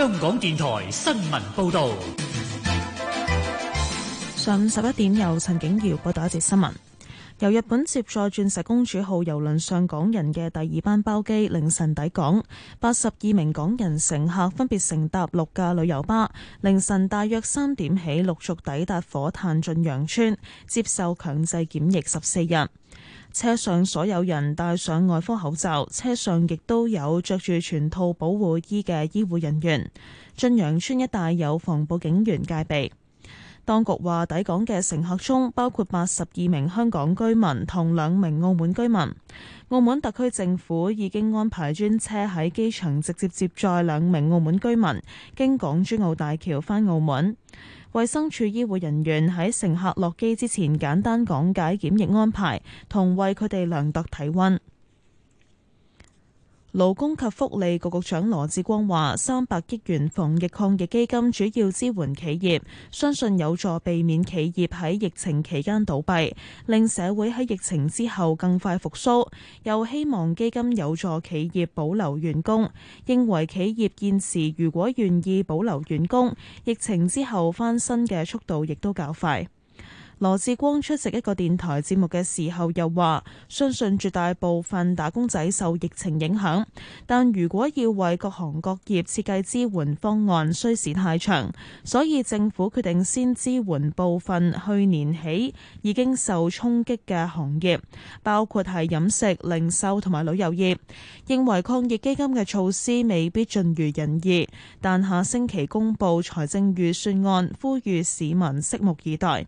香港電台新聞報道，上午十一點，由陳景瑤報道一節新聞。由日本接載鑽石公主號郵輪上港人嘅第二班包機凌晨抵港，八十二名港人乘客分別乘搭六架旅遊巴，凌晨大約三點起陸續抵達火炭駿洋村接受強制檢疫十四日。車上所有人戴上外科口罩，車上亦都有着住全套保護衣嘅醫護人員。駿洋村一帶有防暴警員戒備。當局話抵港嘅乘客中包括八十二名香港居民同兩名澳門居民。澳門特區政府已經安排專車喺機場直接接載兩名澳門居民，經港珠澳大橋返澳門。衛生署醫護人員喺乘客落機之前，簡單講解檢疫安排，同為佢哋量度體溫。勞工及福利局局長羅志光話，三百億元防疫抗疫基金主要支援企業，相信有助避免企業喺疫情期間倒閉，令社會喺疫情之後更快復蘇。又希望基金有助企業保留員工，認為企業現時如果願意保留員工，疫情之後翻身嘅速度亦都較快。羅志光出席一個電台節目嘅時候又說，又話：相信絕大部分打工仔受疫情影響，但如果要為各行各業設計支援方案，需時太長，所以政府決定先支援部分去年起已經受衝擊嘅行業，包括係飲食、零售同埋旅遊業。認為抗疫基金嘅措施未必盡如人意，但下星期公布財政預算案，呼籲市民拭目以待。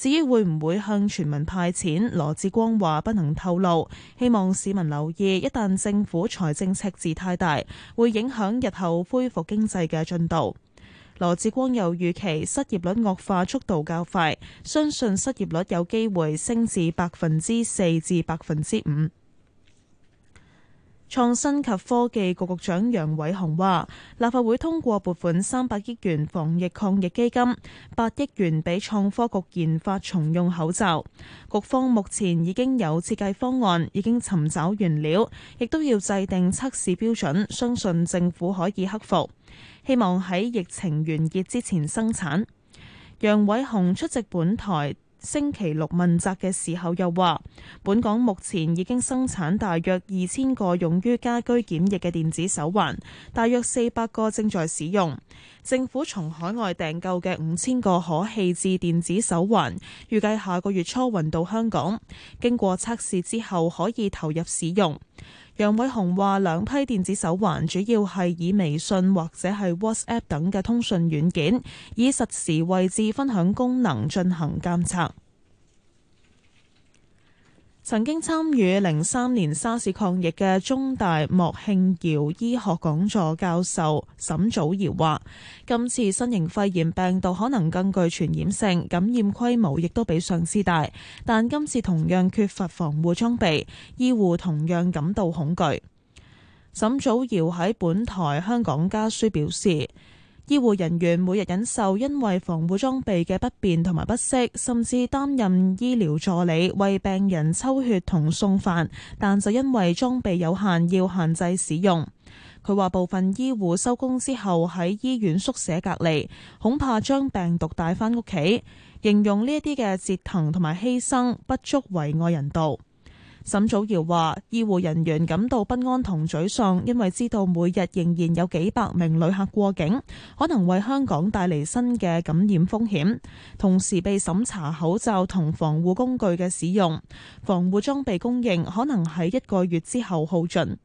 至於會唔會向全民派錢，羅志光話不能透露。希望市民留意，一旦政府財政赤字太大，會影響日後恢復經濟嘅進度。羅志光又預期失業率惡化速度較快，相信失業率有機會升至百分之四至百分之五。創新及科技局局長楊偉雄話：立法會通過撥款三百億元防疫抗疫基金，八億元俾創科局研發重用口罩。局方目前已經有設計方案，已經尋找原料，亦都要制定測試標準。相信政府可以克服，希望喺疫情完結之前生產。楊偉雄出席本台。星期六問責嘅時候又話，本港目前已經生產大約二千個用於家居檢疫嘅電子手環，大約四百個正在使用。政府從海外訂購嘅五千個可棄置電子手環，預計下個月初運到香港，經過測試之後可以投入使用。楊偉雄話：兩批電子手環主要係以微信或者係 WhatsApp 等嘅通訊軟件，以實時位置分享功能進行監測。曾經參與零三年沙士抗疫嘅中大莫慶堯醫學講座教授沈祖堯話：今次新型肺炎病毒可能更具傳染性，感染規模亦都比上次大，但今次同樣缺乏防護裝備，醫護同樣感到恐懼。沈祖堯喺本台香港家書表示。醫護人員每日忍受因為防護裝備嘅不便同埋不適，甚至擔任醫療助理為病人抽血同送飯，但就因為裝備有限，要限制使用。佢話部分醫護收工之後喺醫院宿舍隔離，恐怕將病毒帶返屋企，形容呢一啲嘅折騰同埋犧牲不足為外人道。沈祖堯話：醫護人員感到不安同沮喪，因為知道每日仍然有幾百名旅客過境，可能為香港帶嚟新嘅感染風險。同時，被審查口罩同防護工具嘅使用，防護裝備供應可能喺一個月之後耗盡。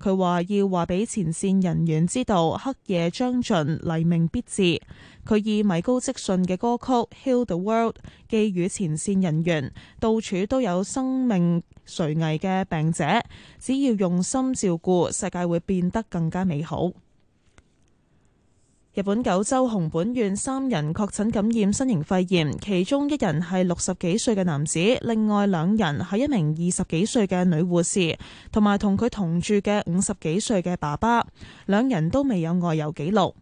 佢話要話俾前線人員知道，黑夜將盡，黎明必至。佢以米高積遜嘅歌曲《Heal the World》寄語前線人員，到處都有生命。垂危嘅病者，只要用心照顧，世界會變得更加美好。日本九州熊本縣三人確診感染新型肺炎，其中一人係六十幾歲嘅男子，另外兩人係一名二十幾歲嘅女護士，同埋同佢同住嘅五十幾歲嘅爸爸，兩人都未有外遊記錄。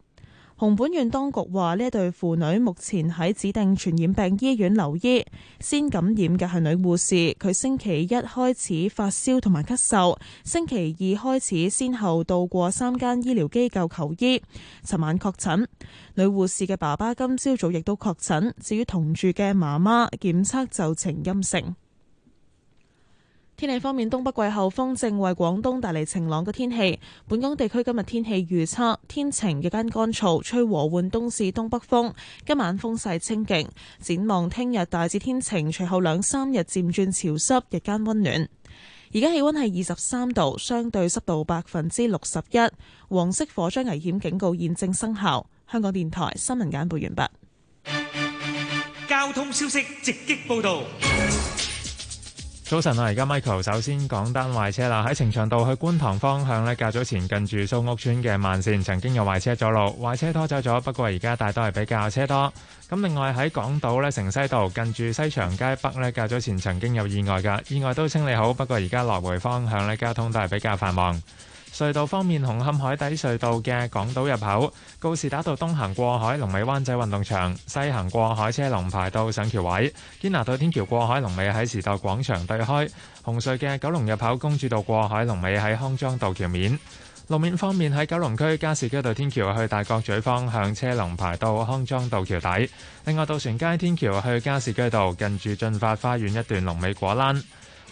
紅本縣當局話，呢一對婦女目前喺指定傳染病醫院留醫。先感染嘅係女護士，佢星期一開始發燒同埋咳嗽，星期二開始先後到過三間醫療機構求醫，尋晚確診。女護士嘅爸爸今朝早，早亦都確診，至於同住嘅媽媽檢測就呈陰性。天氣方面，東北季候風正為廣東帶嚟晴朗嘅天氣。本港地區今日天氣預測，天晴，日間乾燥，吹和緩東至東北風。今晚風勢清勁。展望聽日大致天晴，隨後兩三日漸轉潮濕，日間溫暖。而家氣溫係二十三度，相對濕度百分之六十一。黃色火災危險警告現正生效。香港電台新聞簡報完畢。交通消息直擊報道。早晨啊，而家 Michael 首先講單壞車啦。喺呈祥道去觀塘方向呢，較早前近住蘇屋村嘅慢線曾經有壞車阻路，壞車拖走咗。不過而家大多係比較車多。咁另外喺港島呢，城西道近住西長街北呢，較早前曾經有意外㗎，意外都清理好。不過而家來回方向呢，交通都係比較繁忙。隧道方面，紅磡海底隧道嘅港島入口、告士打道東行過海、龍尾灣仔運動場、西行過海車龍排到上橋位；堅拿道天橋過海龍尾喺時代廣場對開；紅隧嘅九龍入口公主道過海龍尾喺康莊道橋面。路面方面，喺九龍區加士居道天橋去大角咀方向車龍排到康莊道橋底。另外，渡船街天橋去加士居道近住進發花園一段龍尾果欄。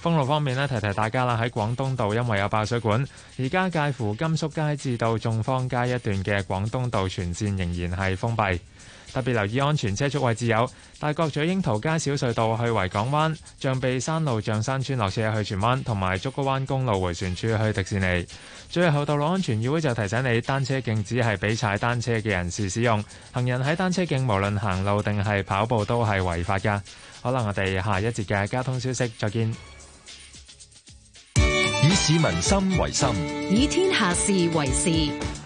封路方面呢，提提大家啦。喺廣東道，因為有爆水管，而家介乎甘肅街至到眾坊街一段嘅廣東道全線仍然係封閉。特別留意安全車速位置有大角咀櫻桃街小隧道去維港灣、象鼻山路象山村落車去荃灣，同埋竹篙灣公路回旋處去迪士尼。最後，道路安全議會就提醒你，單車徑只係俾踩單車嘅人士使用，行人喺單車徑無論行路定係跑步都係違法噶。好啦，我哋下一節嘅交通消息再見。市民心為心，以天下事為事。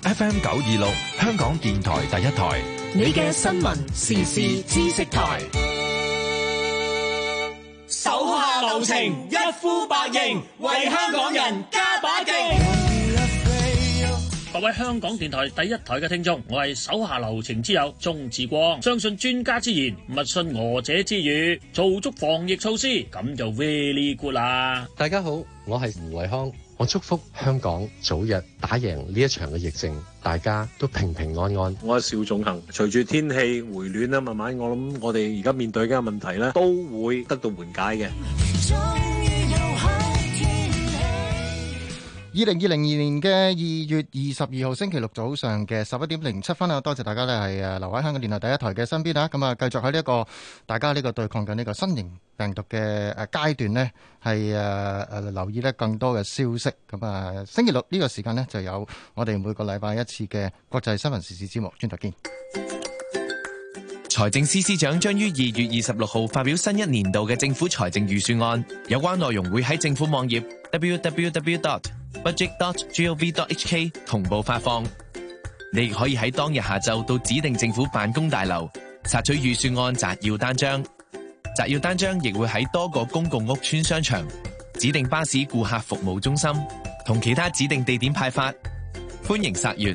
FM 九二六，香港電台第一台，你嘅新聞時事知識台。手下留情，一呼百應，為香港人加把勁。各位香港電台第一台嘅聽眾，我係手下留情之友鍾志光，相信專家之言，勿信俄者之語，做足防疫措施，咁就 very good 啦。大家好，我係胡偉康，我祝福香港早日打贏呢一場嘅疫情，大家都平平安安。我係邵仲恒，隨住天氣回暖啦，慢慢我諗我哋而家面對嘅問題咧，都會得到緩解嘅。二零二零年嘅二月二十二號星期六早上嘅十一點零七分啊，多謝大家咧係誒留喺香港電台第一台嘅身邊啊，咁啊繼續喺呢一個大家呢個對抗緊呢個新型病毒嘅誒階段呢係誒誒留意更多嘅消息，咁啊星期六呢個時間呢就有我哋每個禮拜一次嘅國際新聞時事節目，轉頭見。財政司司長將於二月二十六號發表新一年度嘅政府財政預算案，有關內容會喺政府網頁 www.budget.gov.hk 同步發放。你亦可以喺當日下晝到指定政府辦公大樓索取預算案摘要單張，摘要單張亦會喺多個公共屋邨、商場、指定巴士顧客服務中心同其他指定地點派發，歡迎查閱。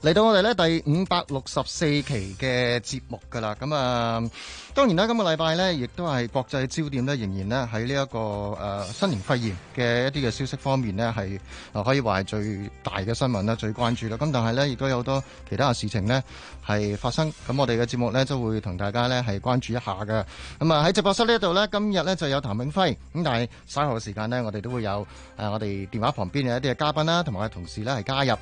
嚟到我哋咧第五百六十四期嘅節目噶啦，咁啊，當然啦，今個禮拜咧亦都係國際焦點咧，仍然咧喺呢一個誒、呃、新型肺炎嘅一啲嘅消息方面咧，係可以話係最大嘅新聞啦，最關注啦。咁但係咧，亦都有好多其他嘅事情咧係發生。咁我哋嘅節目咧都會同大家咧係關注一下㗎。咁啊喺直播室呢度咧，今日咧就有譚永輝。咁但係稍後嘅時間咧，我哋都會有誒、呃、我哋電話旁邊嘅一啲嘅嘉賓啦，同埋嘅同事咧係加入。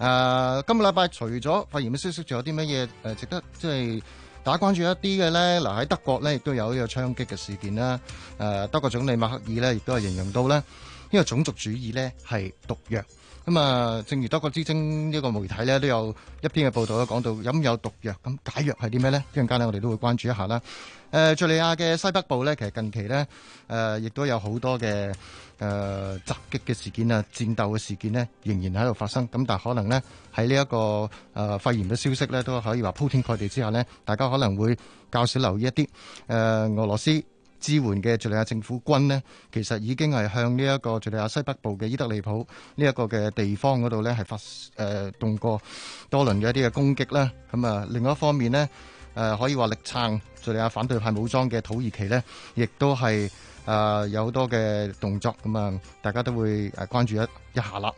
誒、呃、今個禮拜除咗肺炎嘅消息，仲有啲乜嘢值得即係大家關注一啲嘅咧？嗱喺德國咧，亦都有呢個槍擊嘅事件啦。誒、呃、德國總理默克爾咧，亦都係形容到咧，呢個種族主義咧係毒藥。咁啊，正如德國之聲呢個媒體咧都有一篇嘅報道，都講到飲有毒藥，咁解藥係啲咩咧？一陣間咧我哋都會關注一下啦。誒、呃，敍利亞嘅西北部咧，其實近期咧誒，亦、呃、都有好多嘅誒、呃、襲擊嘅事件啊，戰鬥嘅事件呢，仍然喺度發生。咁但係可能呢，喺呢一個誒、呃、肺炎嘅消息咧，都可以話鋪天蓋地之下呢，大家可能會較少留意一啲誒、呃、俄羅斯。支援嘅敍利亞政府軍呢，其實已經係向呢一個敍利亞西北部嘅伊德利普呢一個嘅地方嗰度呢，係發誒動過多輪嘅一啲嘅攻擊啦。咁啊，另外一方面呢，誒可以話力撐敍利亞反對派武裝嘅土耳其呢，亦都係誒有好多嘅動作。咁啊，大家都會誒關注一一下啦。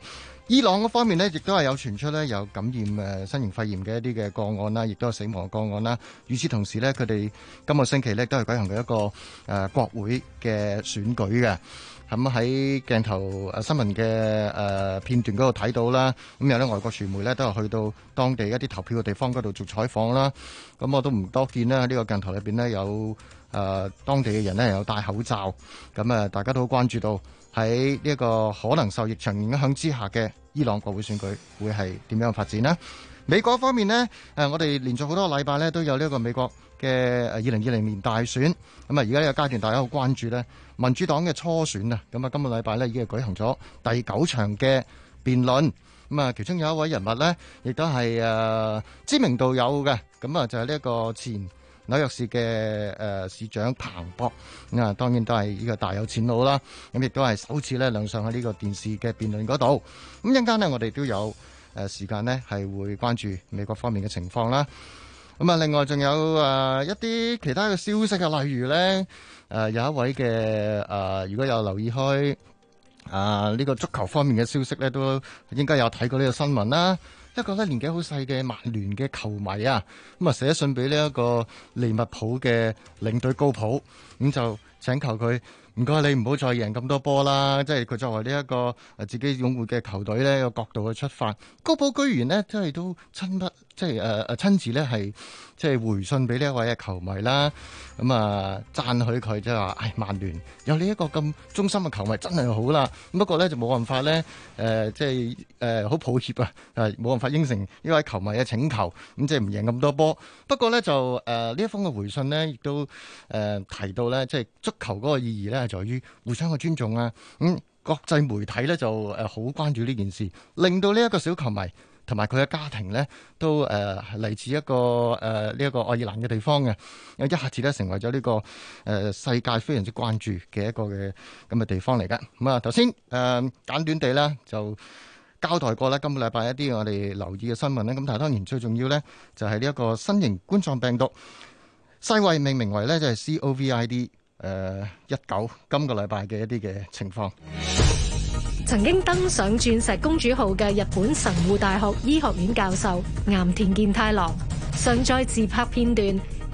伊朗嗰方面呢，亦都係有傳出呢有感染新型肺炎嘅一啲嘅個案啦，亦都有死亡嘅個案啦。與此同時呢，佢哋今個星期呢，都係舉行嘅一個國會嘅選舉嘅。咁喺鏡頭新聞嘅片段嗰度睇到啦，咁有啲外國傳媒呢，都係去到當地一啲投票嘅地方嗰度做採訪啦。咁我都唔多見啦，呢個鏡頭裏邊呢，有誒當地嘅人呢，有戴口罩，咁啊，大家都好關注到。喺呢個可能受疫情影響之下嘅伊朗國會選舉，會係點樣發展呢？美國方面呢，誒，我哋連續好多禮拜呢都有呢個美國嘅二零二零年大選，咁啊，而家呢個階段大家好關注呢民主黨嘅初選啊，咁啊，今個禮拜呢已經係舉行咗第九場嘅辯論，咁啊，其中有一位人物呢，亦都係誒知名度有嘅，咁啊，就係呢個前紐約市嘅誒、呃、市長彭博，咁啊，當然都係呢個大有錢佬啦。咁亦都係首次咧亮相喺呢個電視嘅辯論嗰度。咁一陣間呢，我哋都有誒時間呢係會關注美國方面嘅情況啦。咁啊，另外仲有誒、呃、一啲其他嘅消息啊，例如咧誒、呃、有一位嘅誒、呃，如果有留意開啊呢、呃呢個足球方面嘅消息咧，都應該有睇過呢個新聞啦。一個咧年紀好細嘅曼聯嘅球迷啊，咁啊寫信俾呢一個利物浦嘅領隊高普，咁就請求佢唔該你唔好再贏咁多波啦，即係佢作為呢一個自己擁護嘅球隊呢個角度去出發，高普居然呢，真係都親筆。即係誒誒，親自咧係即係回信俾呢一位嘅球迷啦，咁啊讚許佢，即係話唉，曼聯有呢一個咁忠心嘅球迷真係好啦。咁不過咧就冇辦法咧，誒、呃、即係誒好抱歉啊，係冇辦法應承呢位球迷嘅請求，咁即係唔贏咁多波。不過咧就誒呢一封嘅回信咧，亦都誒提到咧，即係足球嗰個意義咧係在於互相嘅尊重啊。咁、嗯、國際媒體咧就誒好關注呢件事，令到呢一個小球迷。同埋佢嘅家庭咧，都誒係嚟自一個誒呢一個愛爾蘭嘅地方嘅，因為一下子咧成為咗呢個誒世界非常之關注嘅一個嘅咁嘅地方嚟嘅。咁啊，頭先誒簡短地咧就交代過啦，今個禮拜一啲我哋留意嘅新聞咧。咁但係當然最重要咧，就係呢一個新型冠狀病毒世衞命名為咧就係 COVID 誒一九，今個禮拜嘅一啲嘅情況。曾經登上鑽石公主號嘅日本神戶大學醫學院教授岩田健太郎上載自拍片段。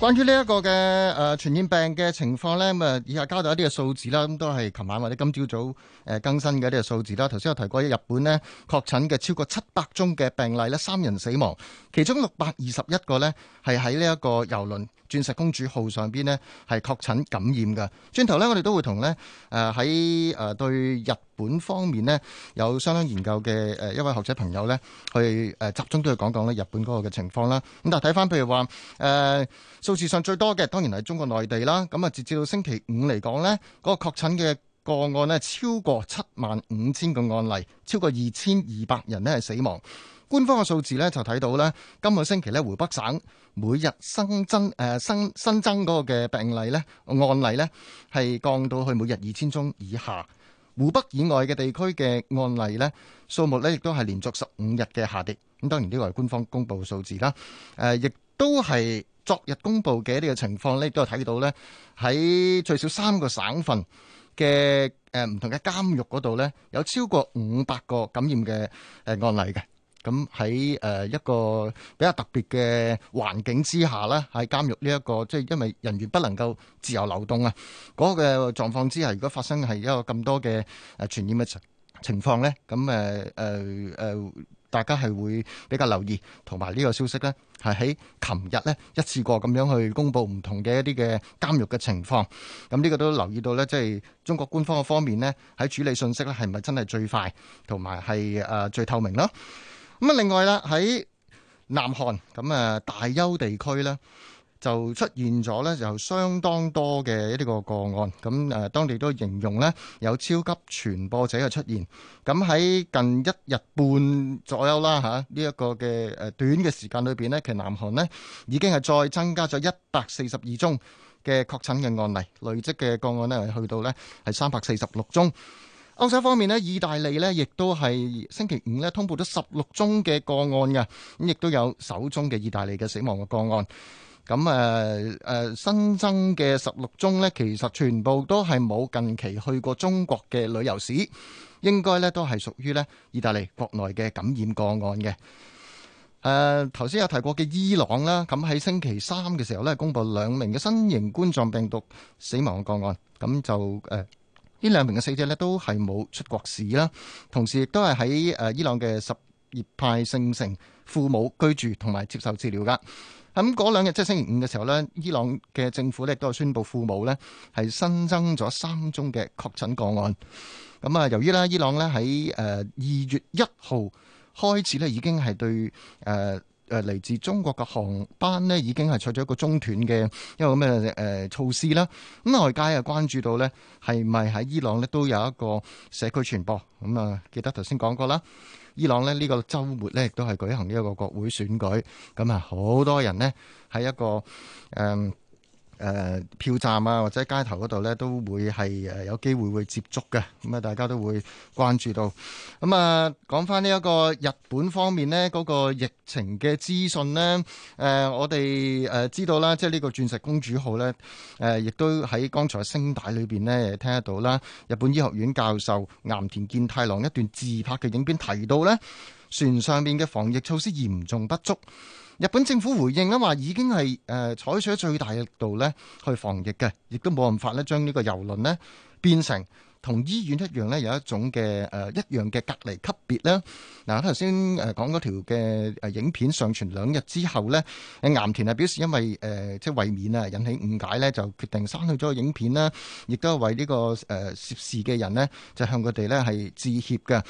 關於、呃、呢一個嘅誒傳染病嘅情況咧，咁啊，以下交代一啲嘅數字啦。咁都係琴晚或者今朝早誒更新嘅一啲嘅數字啦。頭先我提過，日本呢確診嘅超過七百宗嘅病例咧，三人死亡，其中六百二十一個咧係喺呢一個遊輪。鑽石公主號上邊呢係確診感染嘅。轉頭呢，我哋都會同呢誒喺對日本方面呢，有相當研究嘅一位學者朋友呢，去集中都去講講咧日本嗰個嘅情況啦。咁但係睇翻譬如話誒、呃、數字上最多嘅當然係中國內地啦。咁啊，截至到星期五嚟講呢，嗰個確診嘅個案呢，超過七萬五千個案例，超過二千二百人呢係死亡。官方嘅數字咧就睇到咧，今個星期咧湖北省每日新增誒、呃、新新增嗰個嘅病例咧案例咧係降到去每日二千宗以下。湖北以外嘅地區嘅案例咧數目咧亦都係連續十五日嘅下跌。咁當然呢個係官方公布嘅數字啦。誒、呃，亦都係昨日公布嘅呢個情況咧，都係睇到咧喺最少三個省份嘅誒唔同嘅監獄嗰度咧，有超過五百個感染嘅誒、呃、案例嘅。咁喺誒一個比較特別嘅環境之下咧，喺監獄呢一個即係因為人員不能夠自由流動啊，嗰個嘅狀況之下，如果發生係一個咁多嘅誒傳染嘅情況咧，咁誒誒誒，大家係會比較留意同埋呢個消息咧，係喺琴日咧一次過咁樣去公布唔同嘅一啲嘅監獄嘅情況。咁呢個都留意到咧，即係中國官方嘅方面咧，喺處理信息咧係咪真係最快同埋係誒最透明囉。咁啊，另外啦，喺南韓咁啊大邱地區咧，就出現咗咧，就相當多嘅一啲個個案。咁啊，當地都形容咧有超級傳播者嘅出現。咁喺近一日半左右啦吓，呢一個嘅誒短嘅時間裏邊咧，其實南韓咧已經係再增加咗一百四十二宗嘅確診嘅案例，累積嘅個案咧係去到咧係三百四十六宗。歐洲方面咧，意大利咧亦都係星期五咧通報咗十六宗嘅個案嘅，咁亦都有首宗嘅意大利嘅死亡嘅個案。咁誒誒新增嘅十六宗咧，其實全部都係冇近期去過中國嘅旅遊史，應該咧都係屬於咧意大利國內嘅感染個案嘅。誒頭先有提過嘅伊朗啦，咁喺星期三嘅時候咧公布兩名嘅新型冠狀病毒死亡嘅個案，咁就誒。呢兩名嘅死者咧都係冇出國史啦，同時亦都係喺誒伊朗嘅什葉派聖城父母居住同埋接受治療噶。咁嗰兩日即係星期五嘅時候呢，伊朗嘅政府咧都係宣布父母呢係新增咗三宗嘅確診個案。咁啊，由於呢，伊朗呢喺誒二月一號開始呢已經係對誒。誒嚟自中國嘅航班咧，已經係採咗一個中斷嘅一個咁嘅誒措施啦。咁外界又關注到咧，係咪喺伊朗咧都有一個社區傳播？咁啊，記得頭先講過啦，伊朗咧呢個週末咧亦都係舉行呢一個國會選舉，咁啊好多人呢喺一個誒。嗯誒、呃、票站啊，或者街頭嗰度呢，都會係有機會會接觸嘅，咁啊，大家都會關注到。咁、嗯、啊，講翻呢一個日本方面呢，嗰、那個疫情嘅資訊呢，誒、呃，我哋、呃、知道啦，即係呢個《鑽石公主號》呢，誒、呃，亦都喺剛才聲帶裏面呢，聽得到啦。日本醫學院教授岩田健太郎一段自拍嘅影片提到呢，船上邊嘅防疫措施嚴重不足。日本政府回應啊，話已經係誒採取最大嘅力度咧去防疫嘅，亦都冇辦法咧將呢個郵輪咧變成。同醫院一樣咧，有一種嘅誒、啊、一樣嘅隔離級別啦。嗱、啊，頭先誒講嗰條嘅誒、啊、影片上傳兩日之後咧，喺岩田啊表示因為誒、呃、即係為免啊引起誤解咧，就決定刪去咗個影片啦。亦、啊、都係為呢、這個誒、啊、涉事嘅人呢，就向佢哋呢係致歉嘅。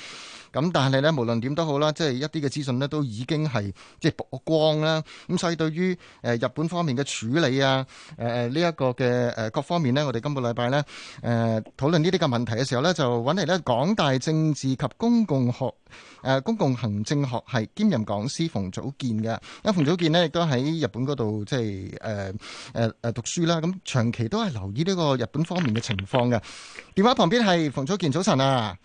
咁、啊、但係咧，無論點都好啦，即係一啲嘅資訊呢，都已經係即係曝光啦。咁、啊、所以對於誒、呃、日本方面嘅處理啊，誒呢一個嘅誒、呃、各方面呢，我哋今個禮拜咧誒討論呢啲嘅問問題嘅時候咧，就揾嚟咧，港大政治及公共學誒、呃，公共行政學系兼任講師馮祖建嘅。因為馮祖建呢，亦都喺日本嗰度即係誒誒誒讀書啦。咁長期都係留意呢個日本方面嘅情況嘅。電話旁邊係馮祖建，早晨啊！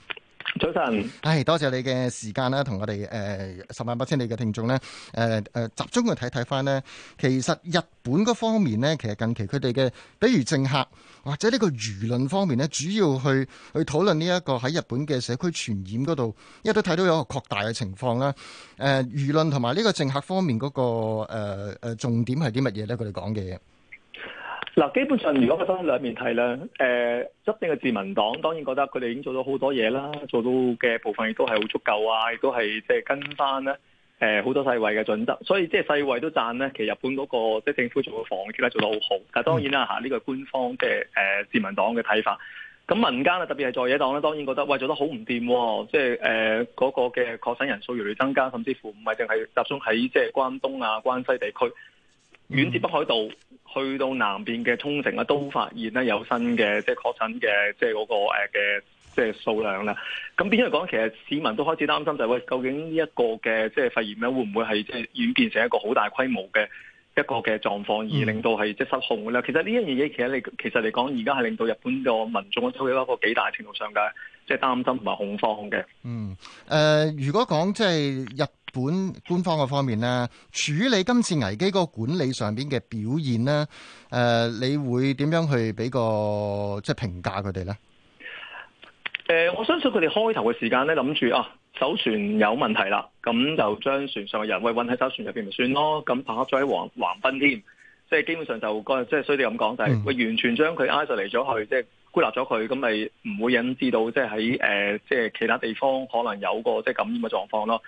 早晨，唉、哎，多謝你嘅時間啦，同我哋誒、呃、十萬八千里嘅聽眾呢，誒、呃、誒集中去睇睇翻呢，其實日本嗰方面呢，其實近期佢哋嘅，比如政客或者呢個輿論方面呢，主要去去討論呢一個喺日本嘅社區傳染嗰度，因為都睇到有一個擴大嘅情況啦。誒、呃，輿論同埋呢個政客方面嗰、那個誒誒、呃、重點係啲乜嘢呢？佢哋講嘅嘢。嗱，基本上如果我分兩面睇咧，誒、呃，執政嘅自民黨當然覺得佢哋已經做咗好多嘢啦，做到嘅部分亦都係好足夠啊，亦都係即係跟翻咧誒好多世衞嘅準則，所以即係世衞都讚咧，其實日本嗰個即係政府做嘅防疫咧做得好好，但係當然啦嚇呢個係官方嘅誒、呃、自民黨嘅睇法，咁民間啊特別係在野黨咧當然覺得喂、呃、做得好唔掂喎，即係誒嗰個嘅確診人數越嚟越增加，甚至乎唔係淨係集中喺即係關東啊、關西地區。遠至北海道，去到南邊嘅沖繩啊，都發現咧有新嘅即係確診嘅即係、那、嗰個嘅即係數量啦。咁點解講？其實市民都開始擔心就係、是、喂，究竟呢一個嘅即係肺炎咧，會唔會係即係演變成一個好大規模嘅一個嘅狀況，而令到係即係失控嘅咧、嗯？其實呢一樣嘢，其實你其實嚟講，而家係令到日本個民眾都有一個幾大程度上嘅即係擔心同埋恐慌嘅。嗯，誒、呃，如果講即係日本官方嘅方面咧，處理今次危機嗰個管理上邊嘅表現咧，誒、呃，你會點樣去俾個即係評價佢哋咧？誒、呃，我相信佢哋開頭嘅時間咧，諗住啊，艘船有問題啦，咁就將船上嘅人喂揾喺艘船入邊咪算咯，咁拍客咗喺橫橫濱添，即係基本上就個即係所以你咁講，就係、是嗯、完全將佢挨就嚟咗去，即係孤立咗佢，咁咪唔會引致到即係喺誒即係其他地方可能有個即係感染嘅狀況咯。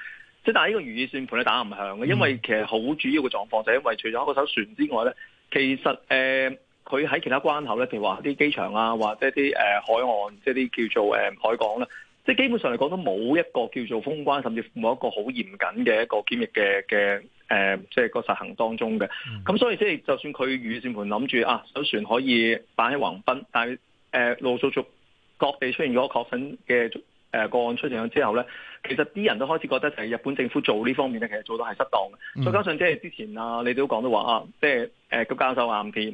即但係呢個如意算盤咧打唔響嘅，因為其實好主要嘅狀況就係因為除咗一個艘船之外咧，其實誒佢喺其他關口咧，譬如話啲機場啊，或者啲誒海岸，即係啲叫做誒海港咧，即係基本上嚟講都冇一個叫做封關，甚至冇一個好嚴謹嘅一個檢疫嘅嘅誒，即係個實行當中嘅。咁、嗯、所以即係就算佢如意算盤諗住啊，艘船可以擺喺橫濱，但係誒陸續續各地出現咗確診嘅。誒個案出現咗之後咧，其實啲人都開始覺得就係日本政府做呢方面咧，其實做到係失當嘅。再加上即係之前啊，你哋都講到話啊，即係誒個教授岩、啊、田誒、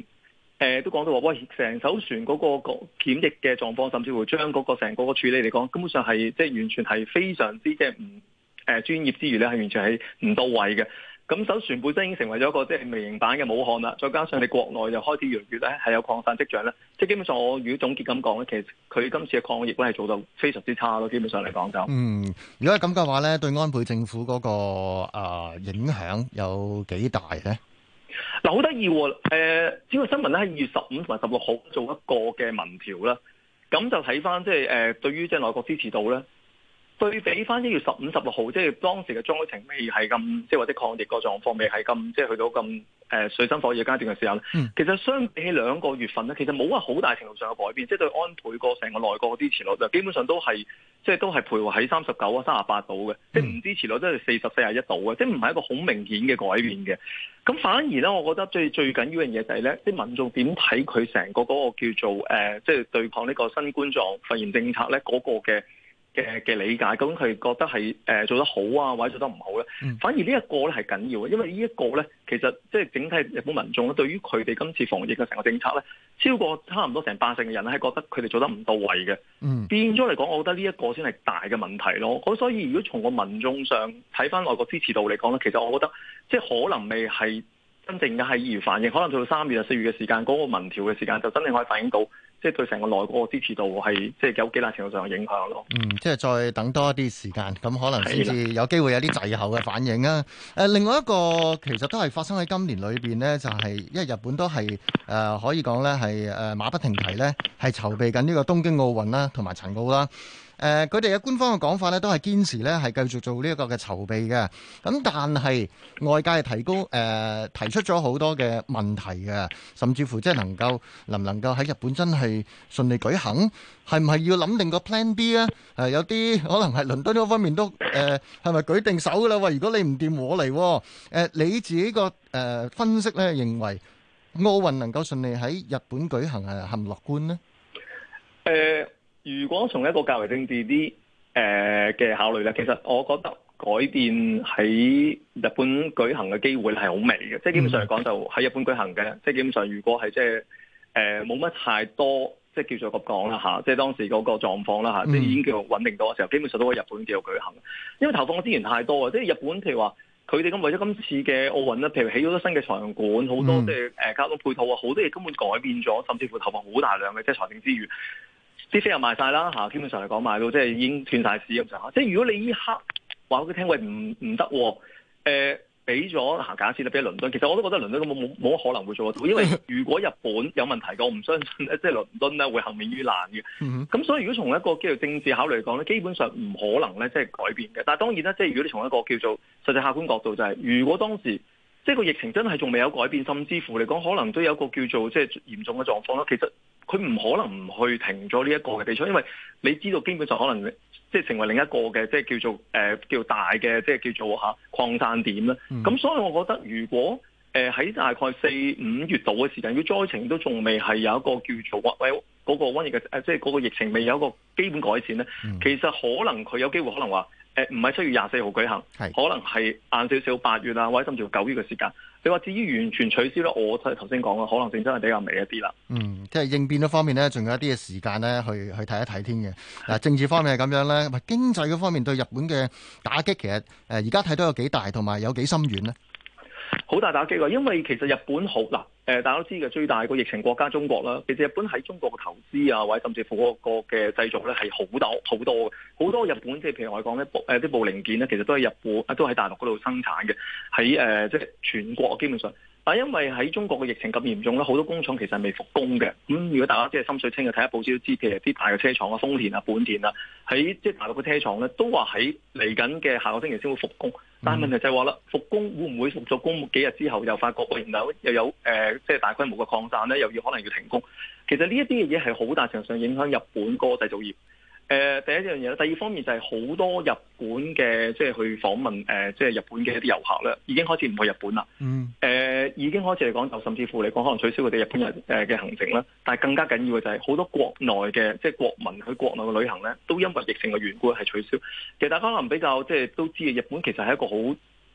啊、都講到話，喂，成艘船嗰個個檢疫嘅狀況，甚至乎將嗰個成個個處理嚟講，根本上係即係完全係非常之即係唔誒專業之餘咧，係完全係唔到位嘅。咁艘船本身已經成為咗一個即係微型版嘅武漢啦，再加上你國內又開始越嚟越咧係有擴散跡象咧，即係基本上我如果總結咁講咧，其實佢今次嘅抗疫係做到非常之差咯，基本上嚟講就。嗯，如果係咁嘅話咧，對安倍政府嗰、那個、啊、影響有幾大咧？嗱、嗯，好得意喎，只、呃、要新聞咧喺二月十五同埋十六號做一個嘅民調啦，咁就睇翻即係誒對於即係內閣支持度咧。對比翻一月十五、十六號，即係當時嘅災情未係咁，即係或者抗疫個狀況未係咁，即係去到咁誒、呃、水深火熱階段嘅時候，嗯、其實相比起兩個月份咧，其實冇話好大程度上有改變，即係對安倍個成個內閣嗰啲支持率，基本上都係即係都係徘徊喺三十九啊、三十八度嘅，即係唔支持率都係四十四啊一度嘅，即係唔係一個好明顯嘅改變嘅。咁反而咧，我覺得最最緊要嘅嘢就係咧，啲民眾點睇佢成個嗰個叫做誒，即、呃、係、就是、對抗呢個新冠狀肺炎政策咧嗰、那個嘅。嘅嘅理解，究竟佢覺得係誒、呃、做得好啊，或者做得唔好咧、啊？Mm. 反而呢一個咧係緊要嘅，因為呢一個咧其實即係整體日本民眾咧對於佢哋今次防疫嘅成個政策咧，超過差唔多成八成嘅人係覺得佢哋做得唔到位嘅。嗯，mm. 變咗嚟講，我覺得呢一個先係大嘅問題咯。咁所以如果從個民眾上睇翻內閣支持度嚟講咧，其實我覺得即係可能未係真正嘅係二月反應，可能到三月啊四月嘅時間嗰、那個民調嘅時間就真正可以反映到。即係對成個內閣支持度係，即係有幾大程度上有影響咯。嗯，即係再等多一啲時間，咁可能先至有機會有啲滯後嘅反應啊。誒的，另外一個其實都係發生喺今年裏邊呢，就係、是、因為日本都係誒、呃、可以講呢係誒馬不停蹄呢係籌備緊呢個東京奧運啦，同埋殘奧啦。誒，佢哋嘅官方嘅講法咧，都係堅持咧係繼續做呢一個嘅籌備嘅。咁但係外界係提高誒提出咗好多嘅問題嘅，甚至乎即係能夠能唔能夠喺日本真係順利舉行，係唔係要諗定個 plan B 咧？誒，有啲可能係倫敦嗰方面都誒係咪舉定手噶啦？喂，如果你唔掂我嚟，誒你自己個誒分析咧認為奧運能夠順利喺日本舉行係唔樂觀咧？誒。如果從一個較為政治啲嘅、呃、考慮咧，其實我覺得改變喺日本舉行嘅機會係好微嘅，即係、嗯、基本上嚟講就喺日本舉行嘅，即係基本上如果係即係冇乜太多即係、就是、叫做咁講啦嚇，即、啊、係、就是、當時嗰個狀況啦嚇，啊就是、已經叫做穩定到嘅時候，基本上都喺日本叫做舉行，因為投放嘅資源太多啊，即係日本譬如話佢哋咁為咗今次嘅奧運咧，譬如起咗新嘅場館，好、嗯、多即係交通配套啊，好多嘢根本改變咗，甚至乎投放好大量嘅即財政資源。啲飛又賣晒啦嚇，基本上嚟講賣到即係已經斷晒市咁上下。即係如果你呢刻話俾佢聽，喂，唔唔得，誒俾咗嚇假設俾倫敦。其實我都覺得倫敦冇冇冇可能會做得到，因為如果日本有問題嘅，我唔相信即係倫敦咧會幸免於難嘅。咁、嗯、哼所以如果從一個叫做政治考慮嚟講咧，基本上唔可能咧即係改變嘅。但係當然啦，即係如果你從一個叫做實際客觀角度、就是，就係如果當時即係個疫情真係仲未有改變，甚至乎嚟講可能都有一個叫做即係嚴重嘅狀況咯。其實。佢唔可能唔去停咗呢一個嘅比賽，因為你知道基本上可能即係成為另一個嘅即係叫做、呃、叫做大嘅即係叫做嚇、啊、擴散點啦。咁、嗯、所以我覺得如果誒喺、呃、大概四五月度嘅時間，如果災情都仲未係有一個叫做或者嗰個瘟疫嘅、呃、即係嗰個疫情未有一個基本改善咧，嗯、其實可能佢有機會可能話唔係七月廿四號舉行，係可能係晏少少八月啊，或者甚至乎九月嘅時間。你話至於完全取消咧，我係頭先講嘅可能性真係比較微一啲啦。嗯，即係應變嗰方面呢，仲有一啲嘅時間呢，去去睇一睇添嘅。啊，政治方面係咁樣呢，唔 經濟嗰方面對日本嘅打擊其實誒而家睇到有幾大，同埋有幾深遠咧。好大打擊㗎，因為其實日本好嗱。誒，大家都知嘅最大個疫情國家中國啦。其實日本喺中國嘅投資啊，或者甚至乎個個嘅製造咧，係好多好多嘅。好多日本即係譬如我哋講咧，誒啲部零件咧，其實都係日本都喺大陸嗰度生產嘅。喺誒即係全國基本上，但係因為喺中國嘅疫情咁嚴重咧，好多工廠其實是未復工嘅。咁如果大家即係心水清嘅睇下報紙都知道，譬如啲大嘅車廠啊，豐田啊、本田啊，喺即係大陸嘅車廠咧，都話喺嚟緊嘅下個星期先會復工。嗯、但係問題就係話啦，復工會唔會復咗工幾日之後又發覺原來又有誒，呃即係大規模嘅擴散咧，又要可能要停工。其實呢一啲嘅嘢係好大程度上影響日本個製造業。誒、呃，第一樣嘢啦，第二方面就係好多日本嘅即係去訪問誒，即、呃、係、就是、日本嘅一啲遊客咧，已經開始唔去日本啦。誒、嗯呃，已經開始嚟講，就甚至乎嚟講，可能取消佢哋日本人誒嘅行程啦。但係更加緊要嘅就係好多國內嘅即係國民去國內嘅旅行咧，都因為疫情嘅緣故係取消。其實大家可能比較即係都知嘅，日本其實係一個好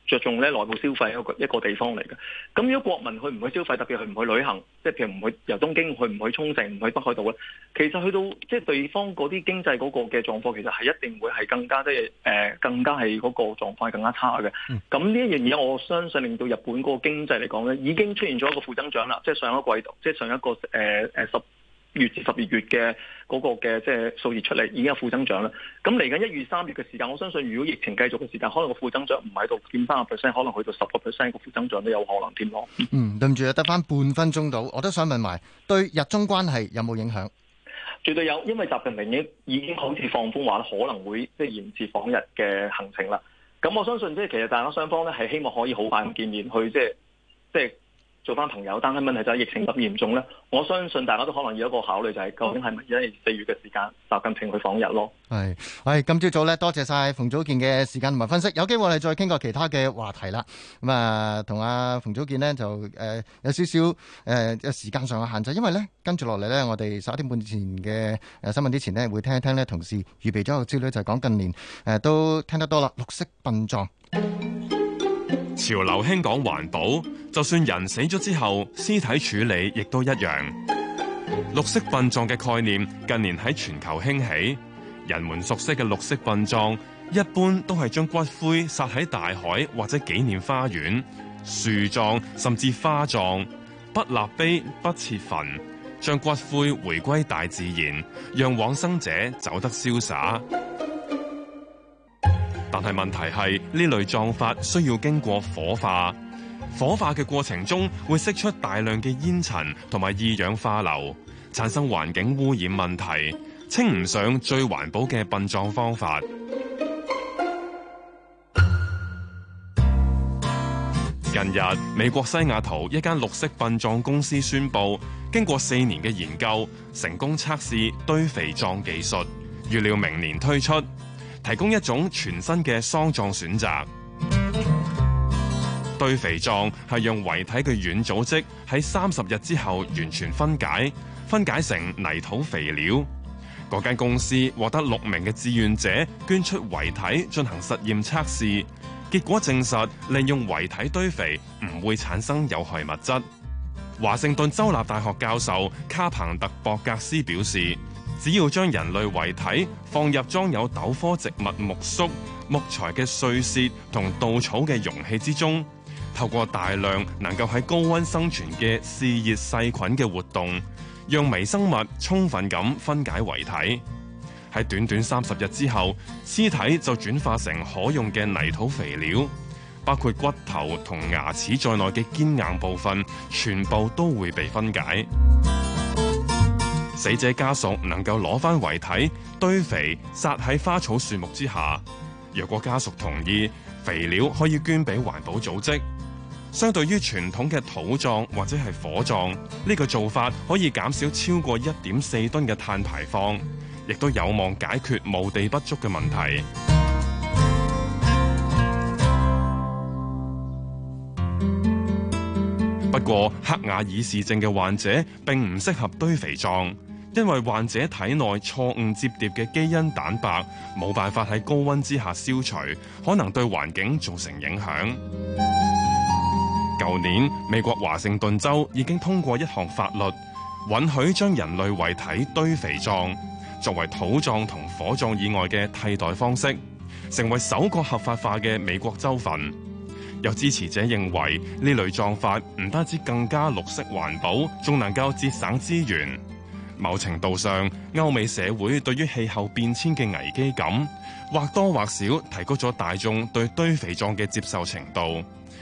着重咧內部消費一個一個地方嚟嘅，咁如果國民去唔去消費，特別去唔去旅行，即係譬如唔去由東京去唔去沖繩，唔去北海道咧，其實去到即係對方嗰啲經濟嗰個嘅狀況，其實係一定會係更加即係誒更加係嗰個狀況更加差嘅。咁呢一樣嘢，我相信令到日本嗰個經濟嚟講咧，已經出現咗一個負增長啦，即係上一個季度，即係上一個誒誒十。呃呃月至十二月嘅嗰個嘅即係數字出嚟已經有負增長啦。咁嚟緊一月、三月嘅時間，我相信如果疫情繼續嘅時間，可能個負增長唔喺度跌三啊 percent，可能去到十個 percent 嘅負增長都有可能添咯。嗯，對唔住啊，得翻半分鐘到，我都想問埋對日中關係有冇影響？絕對有，因為習近平已已經好似放風話可能會即係延遲訪日嘅行程啦。咁我相信即係其實大家雙方咧係希望可以好快咁見面去即係即係。做翻朋友，但係問題就係疫情咁嚴重咧，我相信大家都可能要一個考慮，就係究竟係咪因為四月嘅時間，習近平去訪日咯？係，唉，今朝早咧，多謝晒馮祖健嘅時間同埋分析，有機會我哋再傾過其他嘅話題啦。咁、嗯呃、啊，同阿馮祖健呢，就誒、呃、有少少誒、呃、時間上嘅限制，因為咧跟住落嚟咧，我哋十一點半前嘅新聞之前呢，會聽一聽呢同事預備咗個資料，就係、是、講近年誒、呃、都聽得多啦，綠色殯葬。潮流興講環保，就算人死咗之後，屍體處理亦都一樣。綠色殯葬嘅概念近年喺全球興起，人們熟悉嘅綠色殯葬一般都係將骨灰撒喺大海或者紀念花園、樹葬甚至花葬，不立碑、不設墳，將骨灰回歸大自然，讓往生者走得瀟灑。但係問題係呢類葬法需要經過火化，火化嘅過程中會釋出大量嘅煙塵同埋二氧化硫，產生環境污染問題，稱唔上最環保嘅殯葬方法。近日，美國西雅圖一間綠色殯葬公司宣布，經過四年嘅研究，成功測試堆肥葬技術，預料明年推出。提供一種全新嘅喪葬選擇。堆肥葬係用遺體嘅軟組織喺三十日之後完全分解，分解成泥土肥料。嗰間公司獲得六名嘅志願者捐出遺體進行實驗測試，結果證實利用遺體堆肥唔會產生有害物質。華盛頓州立大學教授卡彭特博格斯表示。只要將人類遺體放入裝有豆科植物苜蓿、木材嘅碎屑同稻草嘅容器之中，透過大量能夠喺高温生存嘅嗜熱細菌嘅活動，讓微生物充分咁分解遺體。喺短短三十日之後，屍體就轉化成可用嘅泥土肥料，包括骨頭同牙齒在內嘅堅硬部分，全部都會被分解。死者家屬能夠攞翻遺體堆肥，撒喺花草樹木之下。若果家屬同意，肥料可以捐俾環保組織。相對於傳統嘅土葬或者係火葬，呢個做法可以減少超過一點四噸嘅碳排放，亦都有望解決墓地不足嘅問題。不過，克雅二氏症嘅患者並唔適合堆肥葬。因為患者體內錯誤折疊嘅基因蛋白冇辦法喺高温之下消除，可能對環境造成影響。舊年，美國華盛頓州已經通過一項法律，允許將人類遺體堆肥葬，作為土葬同火葬以外嘅替代方式，成為首個合法化嘅美國州份。有支持者認為呢類葬法唔單止更加綠色環保，仲能夠節省資源。某程度上，歐美社會對於氣候變遷嘅危機感，或多或少提高咗大眾對堆肥葬嘅接受程度。